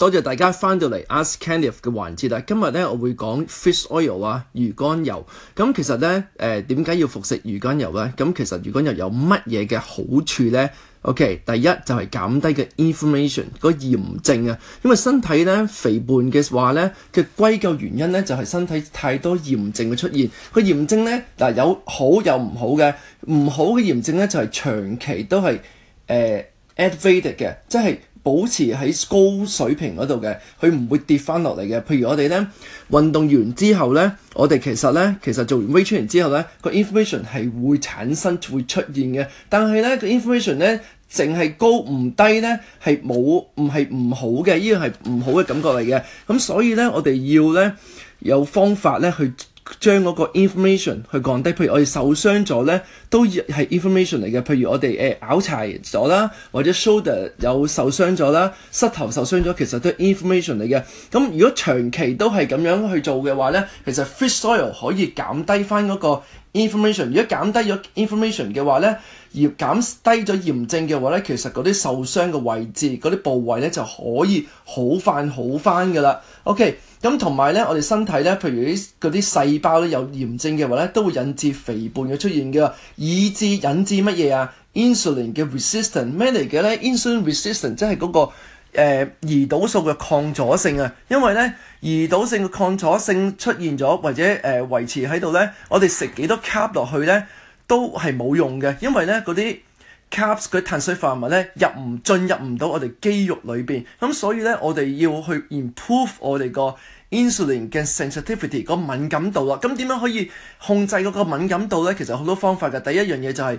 多謝大家翻到嚟 Ask Kenneth 嘅環節啊！今日咧我會講 fish oil 啊，魚肝油。咁、嗯、其實咧，誒點解要服食魚肝油咧？咁、嗯、其實魚肝油有乜嘢嘅好處咧？OK，第一就係、是、減低嘅 inflammation 個炎症啊，因為身體咧肥胖嘅話咧，佢歸咎原因咧就係、是、身體太多炎症嘅出現。個炎症咧嗱、呃、有好有唔好嘅，唔好嘅炎症咧就係、是、長期都係誒。呃 at rated 嘅，即係保持喺高水平嗰度嘅，佢唔會跌翻落嚟嘅。譬如我哋咧運動完之後咧，我哋其實咧其實做完 weight train 完之後咧，個 information 係會產生會出現嘅。但係咧個 information 咧淨係高唔低咧係冇唔係唔好嘅，依個係唔好嘅感覺嚟嘅。咁所以咧我哋要咧有方法咧去。將嗰個 information 去降低，譬如我哋受傷咗咧，都係 information 嚟嘅。譬如我哋誒拗柴咗啦，或者 shoulder 有受傷咗啦，膝頭受傷咗，其實都係 information 嚟嘅。咁如果長期都係咁樣去做嘅話咧，其實 fish oil 可以減低翻嗰個。information 如果減低咗 information 嘅話咧，而減低咗炎症嘅話咧，其實嗰啲受傷嘅位置、嗰啲部位咧就可以好翻好翻噶啦。OK，咁同埋咧，我哋身體咧，譬如啲嗰啲細胞咧有炎症嘅話咧，都會引致肥胖嘅出現嘅，以致引致乜嘢啊？insulin 嘅 resistance 咩嚟嘅咧？insulin resistance 即係嗰個。誒、呃、胰島素嘅抗阻性啊，因為咧胰島性嘅抗阻性出現咗或者誒、呃、維持喺度咧，我哋食幾多卡落去咧都係冇用嘅，因為咧嗰啲 carb 嗰啲碳水化合物咧入唔進入唔到我哋肌肉裏邊，咁所以咧我哋要去 improve 我哋個 insulin 嘅 sensitivity 個敏感度啊，咁點樣可以控制嗰個敏感度咧？其實好多方法嘅，第一樣嘢就係、是。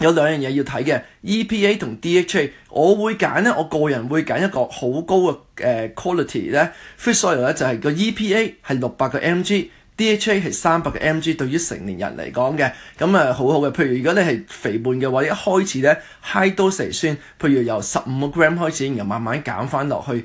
有兩樣嘢要睇嘅 EPA 同 DHA，我會揀呢，我個人會揀一個好高嘅、呃、quality 呢 fish oil 呢，就係、是、個 EPA 係六百個 mg，DHA 係三百個 mg，對於成年人嚟講嘅咁啊好好嘅。譬如如果你係肥胖嘅話，一開始呢 high dose 嚟，譬如由十五個 gram 開始，然後慢慢減返落去。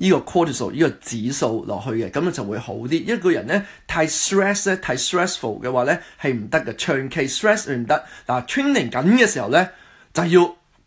呢個 cortisol 呢個指數落去嘅，咁咧就會好啲。一個人咧太 stress 咧太 stressful 嘅話咧係唔得嘅，長期 stress 唔得。但係 training 緊嘅時候咧就要。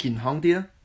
健康啲啊～